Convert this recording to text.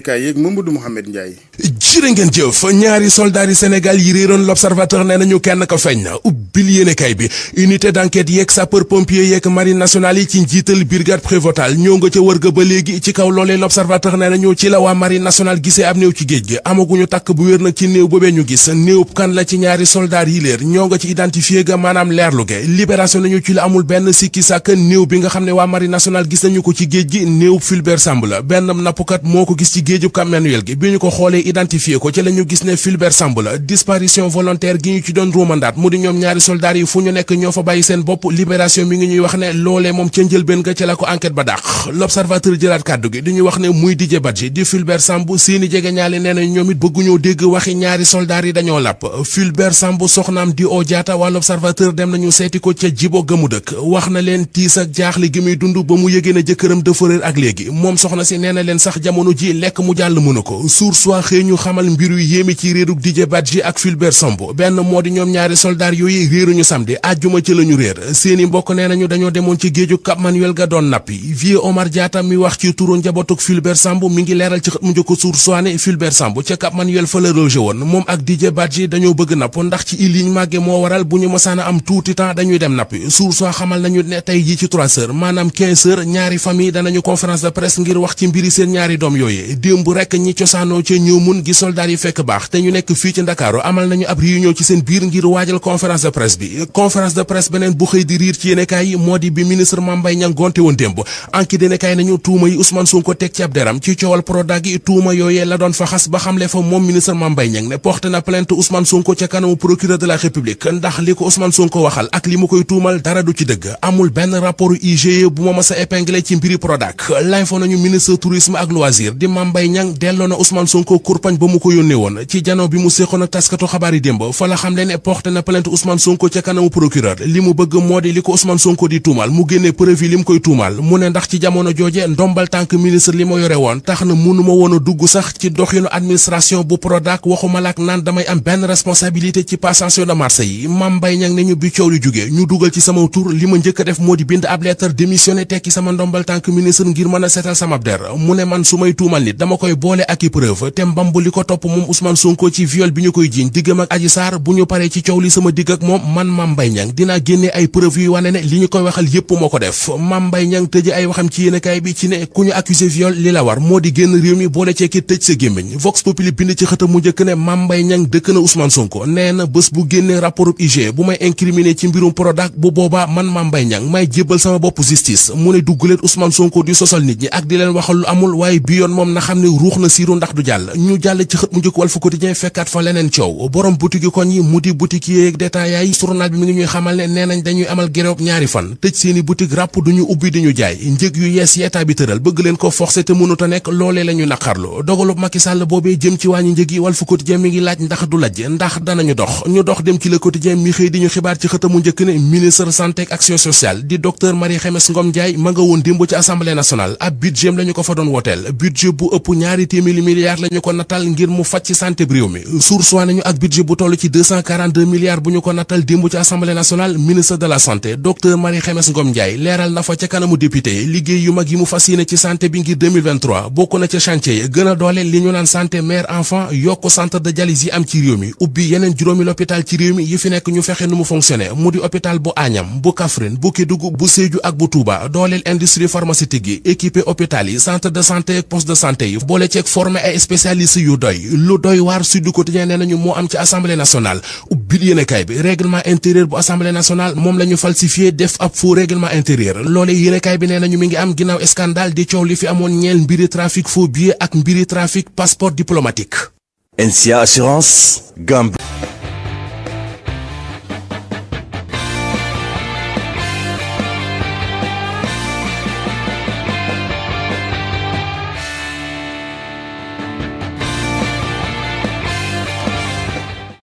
yéeg Mamadou Mouhamed Ndiaye. jërë ngeen jëf ñaari soldat yi Sénégal yi réeroon l'observateur nee nañu kenn ko feeñ na ubbil yéenekaay bi unité d'enquête yeeg sapeur pompier yeeg marine nationale yi ci njiital brigade prévôtale ñoo nga ca wër ga ba léegi ci kaw loolee l'observateur nee nañu ci la waa marine nationale gisee ab néew ci géej gi amaguñu takk bu wér nag ci néew boobee ñu gis néew kan la ci ñaari soldat yi léer ñoo nga ci identifié ga maanaam leerlu ge libération nañu ci la amul benn sikki sàkk néew bi nga xam ne waa marine nationale gis nañu ko ci géej gi néew Fulbert Samb la benn moo ko gis ci géejub Cap ñu ko xoolee identifié identifié ko ci la ñu gis ne Fulbert Sambou la disparition volontaire gi ñu ci doon ruumandaat mu di ñoom ñaari soldaar yi fu ñu nekk ñoo fa bàyyi seen bopp libération mi ngi ñuy wax ne loolee moom ca njëlbéen nga ca la ko enquête ba dàq l'observateur jëlaat kàddu gi di wax ne muy Didier Badji di Fulbert Sambou seeni jegeñaale nee na ñoom it bëgguñoo dégg waxi ñaari soldaar yi dañoo làpp Fulbert Sambou soxnaam di oo waa l'observateur dem nañu seeti ko ca jibo mu dëkk wax na leen tiis ak jaaxle gi muy dund ba mu yëgee ne jëkkëram dafa réer ak léegi moom soxna si nee na leen sax jamono ji lekk mu jàll mënu ko xamal mbir yu yéeme ci réeruk Didier Badji ak Fulbert Sambou benn moo di ñoom ñaari soldaar yooyu réeruñu samedi àjjuma maanaam 15 ñaari famille danañu conférence de presse ngir wax ci mbiri seen ñaari doom yooyu démb rek ñi cosaanoo ca ñoo gis soldat yi fekk baax te ñu nekk fii ci Ndakaaru amal nañu ab réunion ci seen biir ngir waajal conférence de presse bi conférence de presse beneen bu xëy di riir ci yéenekaay yi moo di bi ministre Mame Mbaye gonte woon démb anki dinekaay nañu tuuma yi Ousmane Sonko teg ci ab deram ci coowal Prodac gi tuuma yooyee la doon fa xas ba xamle fa moom ministre Mame Mbaye ne porte na plainte Ousmane Sonko ca kanamu procureur de la République ndax li ko Ousmane Sonko mu ko yónnee woon ci jano bi mu séqoon ak taskatu xabaar yi démb fa la xam leen ne porte na plainte Ousmane Sonko ca kanamu procureur li mu bëgg moo di li ko Ousmane Sonko di tuumal mu génnee preuve yi li mu koy tuumal mu ne ndax ci jamono jooje ndombal tànk ministre li ma yore woon tax na mënu ma woon a dugg sax ci doxinu administration bu Prodac waxuma laak naan damay am benn responsabilité ci passation de marché yi Mame mbay Niang ne ñu bi coow li jógee ñu dugal ci sama tur li ma njëkk def moo di bind ab lettre démissionné tekki sama ndombal tànk ministre a seetal sama der mu man su may tuumal nit dama koy boole ko topp moom Ousmane Sonko ci viol bi ñu koy jiiñ diggam ak Adji bu ñu paree ci coow li sama digg ak moom man Mame Mbaye dinaa génne ay preuve yu wane ne li ñu koy waxal yépp moo ko def Mame Mbaye Niang tëj ay waxam ci yéenekaay bi ci ne ku ñu accusé viol li la war moo di génn réew mi boole ceeki tëj sa gémmiñ Vox Populi bind ci xëtam mu njëkk ne Mame Mbaye Niang dëkk na Ousmane Sonko nee na bés bu génnee rapportu IG bu may incriminé ci mbirum Prodac bu boobaa man Mame Mbaye Niang may jébbal sama bopp mu ne dugguleet Ousmane Sonko di sosal nit ñi ak di leen waxal lu amul waaye xam ne na siiru ndax du jàll ci xët mu njëkk Walf Quotidien fekkaat fa leneen coow borom boutique koñ yi mu di boutique yeeg détaillants yi bi mi ngi ñuy xamal ne nee dañuy amal gréew ñaari fan tëj seeni boutique ràpp duñu ubbi di ñu jaay njëg yu yees yi bi tëral bëgg leen ko forcé te mënuta nekk loolee la ñu naqarlu dogalub Macky Sall boobee jëm ci wàññi njëg yi Walf Quotidien mi ngi laaj ndax du laj ndax danañu dox ñu dox dem ci la Quotidien mi xëy di ñu xibaar ci xët mu njëkk di docteur Marie Khemesse Ngom Ndiaye ma ngir mu faj ci santé bi réew mi source waa nañu ak budget bu toll ci 242 milliards bu ñu ko nattal démb ci assemblée nationale ministre de la santé docteur Marie Khemesse Ngom leeral na ca kanamu député liggéey yu mag yi mu fas yéene ci santé bi ngir 2023 bokk na ca chantier yi gën a li ñu naan santé mère enfant yokk centre de dialyse yi am ci réew mi ubbi yeneen juróomi l'hôpital ci réew mi yi fi nekk ñu fexe nu mu fonctionné mu di hôpital bu Agnam bu Kaffrine bu Kédougou bu Sédhiou ak bu Touba doy lu doy waar Sud Quotidien nee nañu moo am ci assemblée nationale ubbil yéenekaay bi règlement intérieur bu assemblée nationale moom la ñu falsifié def ab faux règlement intérieur loolee yéenekaay bi nee nañu mi ngi am ginnaaw scandale di coow li fi amoon ñeel mbiri trafic faux billets ak mbiri trafic passeport diplomatique NSIA assurance Gambie